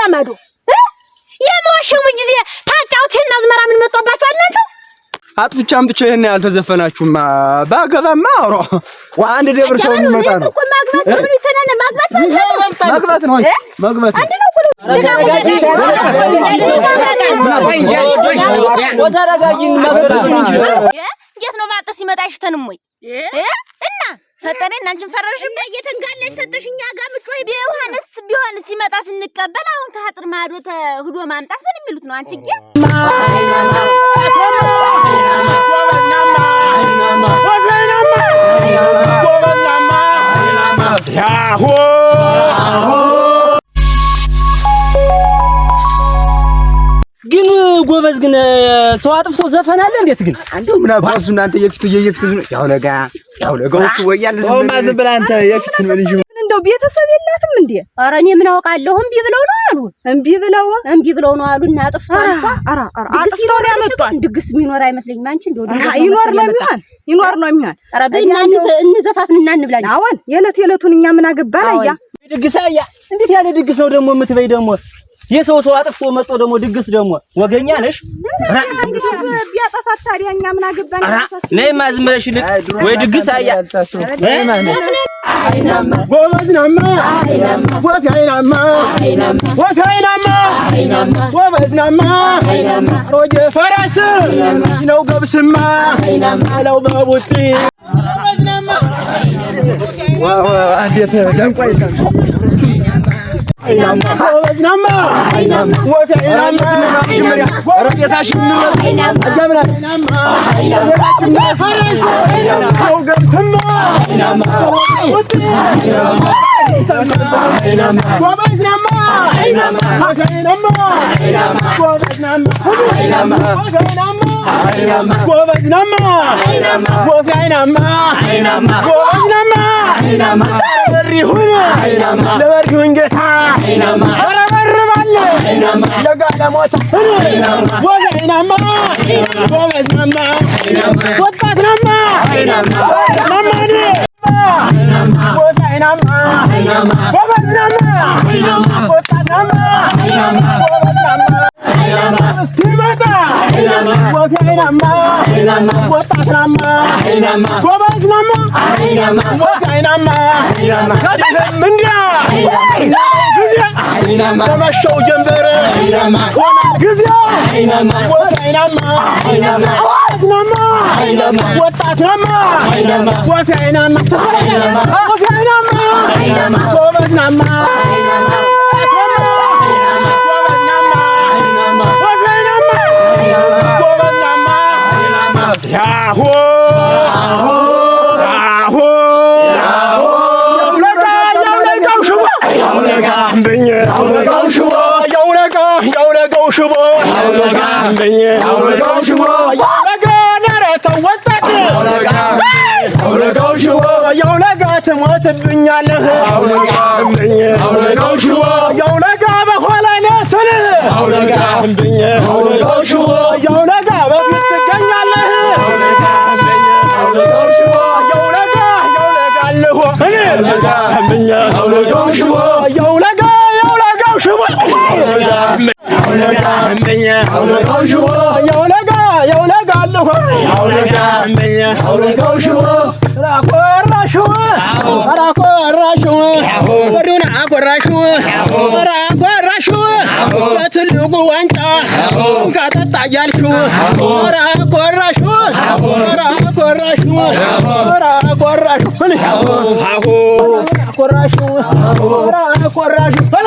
እያመዱ የመዋሸሙ ጊዜ ታጫውቴና አዝመራ ምን መጣባችኋል እናንተ? አጥፍቻ አምጥቼ ይሄን ያልተዘፈናችሁማ ባገባማ አውሮ አንድ ደብር ሰው የሚመጣ ነው። ማግባት ነው እንጂ ማግባት ነው። ተረጋጊ። ነው ባጠ ሲመጣ ፈጠነ እናንቺን ፈረሽ እና እየተንጋለሽ ሰጠሽ። እኛ ጋር ምጮይ ቢሆንስ ቢሆንስ ሲመጣ ስንቀበል አሁን ከአጥር ማዶ ተህዶ ማምጣት ምን የሚሉት ነው? አንቺ ጌ ጎበዝ ግን ሰው አጥፍቶ ዘፈን አለ እንዴት ግን አንዴ ምን አባቱ እናንተ የፊቱ የየፊቱ ያው ለጋ ያው ወጥ ወያል ዝም ብላ ዝም ብላ አንተ የፊቱ ምን እንጂ እንደው ቤተሰብ የላትም እንዴ? ኧረ እኔ ምን አውቃለሁ። እምቢ ብለው ነው አሉ። እምቢ ብለው እምቢ ብለው ነው አሉ። እና አጥፍቶ አልኳ። ኧረ ኧረ አጥፍቶ ይኖር ያመጣ ድግስ የሚኖር አይመስለኝም። አንቺ እንደው ይኖር ነው የሚሆን ይኖር ነው የሚሆን። ኧረ በእኛ እና እንብላኝ። አዎን የዕለት የዕለቱን እኛ ምን አገባን? አያ ድግስ አያ እንዴት ያለ ድግስ ነው ደግሞ የምትበይ ደግሞ የሰው ሰው አጥፍቶ መጥቶ ደግሞ ድግስ ደግሞ ወገኛ ነሽ ነይማ ዝም ብለሽ ልቅ ወይ ድግስ አያ ፈረስ ነው ገብስማ በቡጢ አይናማ ለበሪሁን ጌታ እረበርባለሁ ለጋለሞታ ወዘይናማ ጎበዝ ወጣት ናማ ተመሸው ጀንበር ሆና ጊዜው ወይናማ وطننا وطننا وطننا وطننا وطننا Yahoo! አውለቃው ሽዋ የውለጋ ትሞትብኛለህ አውለቃው ሽዋ የውለጋ በኋላ ነስልህ አውለቃው ሽዋ የውለጋ በፊት ትገኛለህ የውለጋ የውለጋ በትልቁ ዋንጫ ቀጠጣ እያልሽው ኧረ ቆራሽውን ኧረ ቆራሽውን ኧረ ቆራሽውን አዎ ቆራሽውን ኧረ ቆራሽውን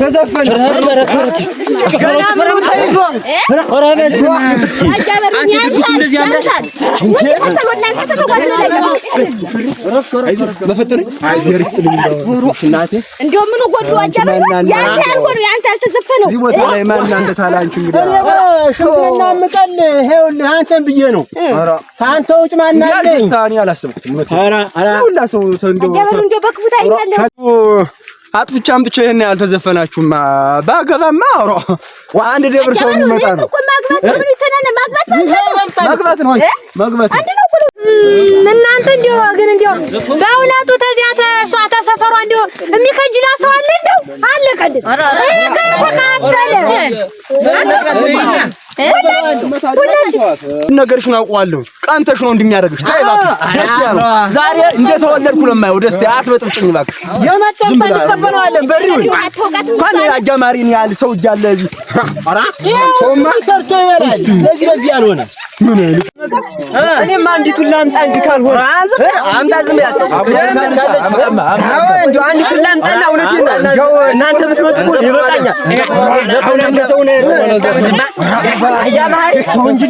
አንተን ብዬ ነው አጥፍቻ አምጥቼ ይሄን ያልተዘፈናችሁማ ባገባማ አውሮ አንድ ደብር ሰው የሚመጣ ነው። ማግባት ነው ማግባት ነው። እናንተ እንደው ግን እንደው በእውነቱ ተዚያ ተሷ ተሰፈሯ እንደው የሚከጅላ ሰው አለ እንደው አለቀልን። ነገርሽን አውቀዋለሁ። ቀንተሽ ነው እንደሚያደርግሽ። ተይ እባክሽ፣ ደስታ ነው ዛሬ እንደተወለድኩ ነው የማየው። ደስታ አትበጥብጭኝ እባክሽ። የመጣሁት እንቀበለዋለን። በሪውን ማን አጃማሪን ያህል ሰው እያለ እዚህ ሰርቶ ይበላል። ለዚህ ለዚህ ያልሆነ ምን አይነት እኔማ አንዲቱን ላምጣ እንጂ ካልሆነ አምጣ ዝም ያሰ እንደው አንድ ላምጣና እውነቴን ነው አይለም እንጂ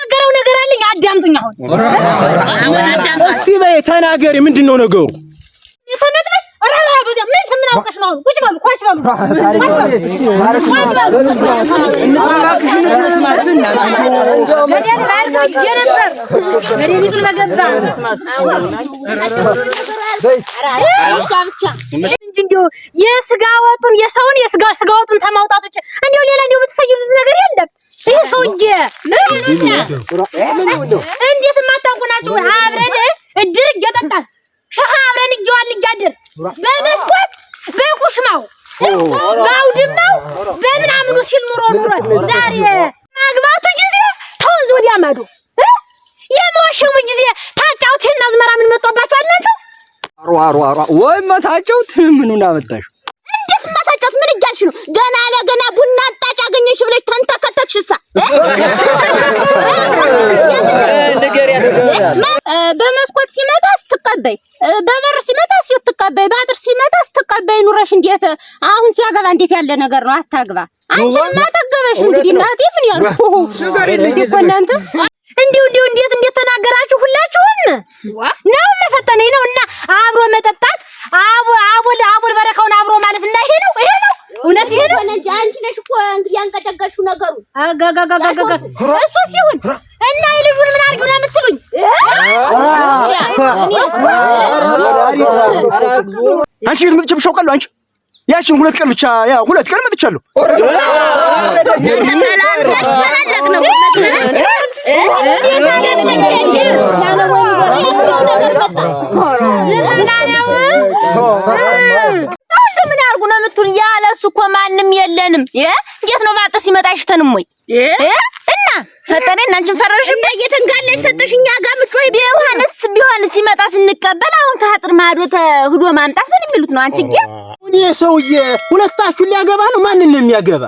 ነገረው ነገር አለኝ። አዳምጡኝ አሁን እስቲ በይ ተናገሪ። ምንድን ነው ነገሩ? የስጋ ወጡን የሰውን የስጋ ስጋ ወጡን ተማውጣቶች እንዲሁ ሌላ እንዲሁ ነገር የለም። ይህ ሰውዬ እንዴት የማታውቁ ናችሁ? አብረን እድር እየጠጣን ሸሀ አብረን እየዋል እያድር በመስኮት በኩሽማው በአውድማው በምናምኑ ሲል ኑሮ ኑሮት ዛሬ ማግባቱ ጊዜ ተወንዝ ወዲያ ማዶ የመዋሸሙ ጊዜ ታጫውት አዝመራ ምን መጧባችኋል እናንተ? አሮ ወይ ማታጫውት ምኑን አመጣሽ? እንዴት ማታጫውት ምን እያልሽ ነው? ገና ለገና ቡና አጣጭ አገኘሽ ብለሽ ተንተከተክሽ ሳ በመስኮት ሲመጣ ስትቀበይ፣ በበር ሲመጣ ስትቀበይ፣ በአጥር ሲመጣ ስትቀበይ ኑረሽ እንዴት አሁን ሲያገባ እንዴት ያለ ነገር ነው? አታግባ። አንቺንም አጠገበሽ እንግዲህ እናቴ ምን ያሉ እናንተ እንዲሁ እንዲሁ እንዴት እንዴት ተናገራችሁ ሁላችሁም ነው መፈተነኝ ነው እና አብሮ መጠጣት አቦል አቦል በረካውን አብሮ ማለት እና ይሄ ነው ይሄ ነው እውነት ይሄ ነው። አንቺ ነሽ እኮ እንግዲህ ያንቀጨቀሽው ነገሩ እሱ ሲሆን አንቺ ቤት መጥቼ ብሻው ቃለሁ አንቺ ያችን ሁለት ቀን ብቻ ያ ሁለት ቀን መጥቻለሁ። ምን ያርጉ ነው የምትሉን? ያለሱ እኮ ማንም የለንም። እንዴት ነው ማጠስ ሲመጣ አይሽተንም ወይ? ፈጠነኝ አንቺን ፈረሽ እንዴ እየተንጋለሽ ሰጠሽኛ ጋር ምጮይ ቢሆንስ ቢሆን ሲመጣ ስንቀበል አሁን ከአጥር ማዶ ተህዶ ማምጣት ምን የሚሉት ነው? አንቺ ጌ እኔ ሰውዬ ሁለታችሁ ሊያገባ ነው። ማንን ነው የሚያገባ?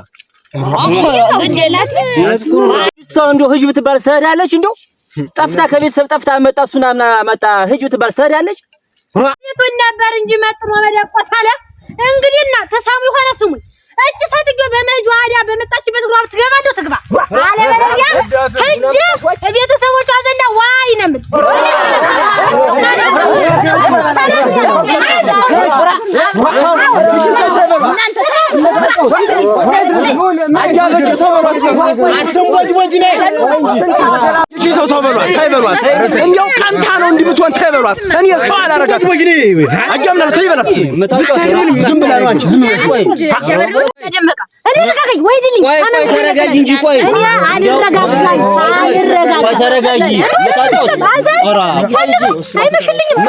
እሷ እንደው ትሄዳለች። እንደው ጠፍታ ከቤተሰብ ጠፍታ መጣ መጣ ህጅ ብትባል ትሄዳለች። ነበር እንጂ መደቆስ አለ እንግዲህና ተሳሙ ስሙኝ እች ሴትዮ በመሄጇ በመጣችበት ሯብ ትገባ እንደው ትግባ፣ አለበለዚያ ሂጅ ቤተሰቦቿ ዘንዳ ዋይ ነው የምልህ ሰው ተበሏት፣ ተይ በሏት። እንዲያው ቀምታ ነው እንዲህ ብትሆን ተይ በሏት። እኔ ሰው አላረጋትም። አጃም ነው ተይ በላት። ዝም ብላ ነው አንቺ ዝም ብላ ተደመቃ እኔ ረጋጋኝ ወይ ድልኝ ተረጋጊ እንጂ ቆይ እኔ አልረጋጋኝ አልረጋጋኝ ተረጋጊ አይመሽልኝም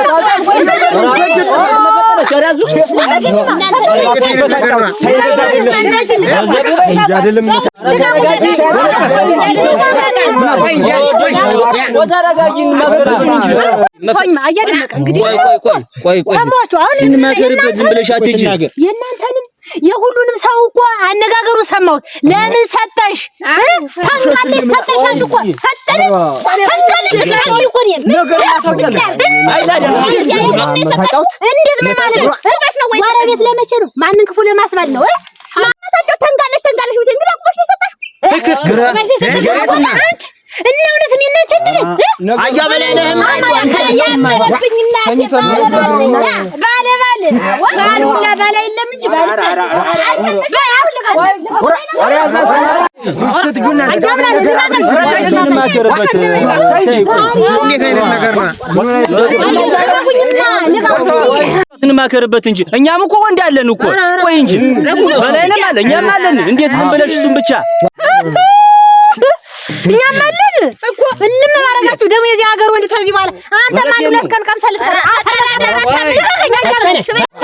አያደመቀ እንግዲህ ቆይ ቆይ ቆይ ቆይ ቆይ ስንመከርበት ዝም ብለሽ አትሄጂም የእናንተን የሁሉንም ሰው እኮ አነጋገሩ ሰማሁት። ለምን ሰጠሽ? ታንቃለሽ ሰጠሻል እኮ ሰጠለሽ ታንቃለሽ ሰጠሽ እኮ ነው እንዴት ማለት ነው? ጎረቤት ለመቼ ነው? ማንን ክፉ ለማስባል ነው? ሰጠሽ። ነው እና እውነት እኔ እናች እንዴ አያ እንማከርበት እንጂ እኛም እኮ ወንድ አለን እኮ። ቆይ እንጂ በላይንም አለ እኛም አለን። እንዴት ዝም ብለሽ እሱን ብቻ እኛም አለን እኮ ማረጋችሁ ደግሞ የዚህ ሀገር ወንድ ተዚህ በኋላ አንተ ማን ሁለት ቀን 什么？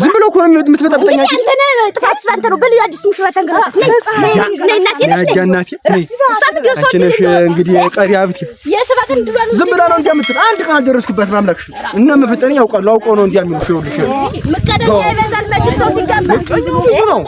ዝም ብሎ እኮ ነው የምትበጠብጠኝ። ነው። አዲስ ተንገራት ነሽ ነሽ እንግዲህ ዝም ብላ ነው አንድ ቀን አልደረስኩበት ማምላክሽ እና መፈጠን ያውቃሉ አውቀው ነው እንዲያምሉሽ ይኸውልሽ ምቀደኛ ሰው ሲጋባ ነው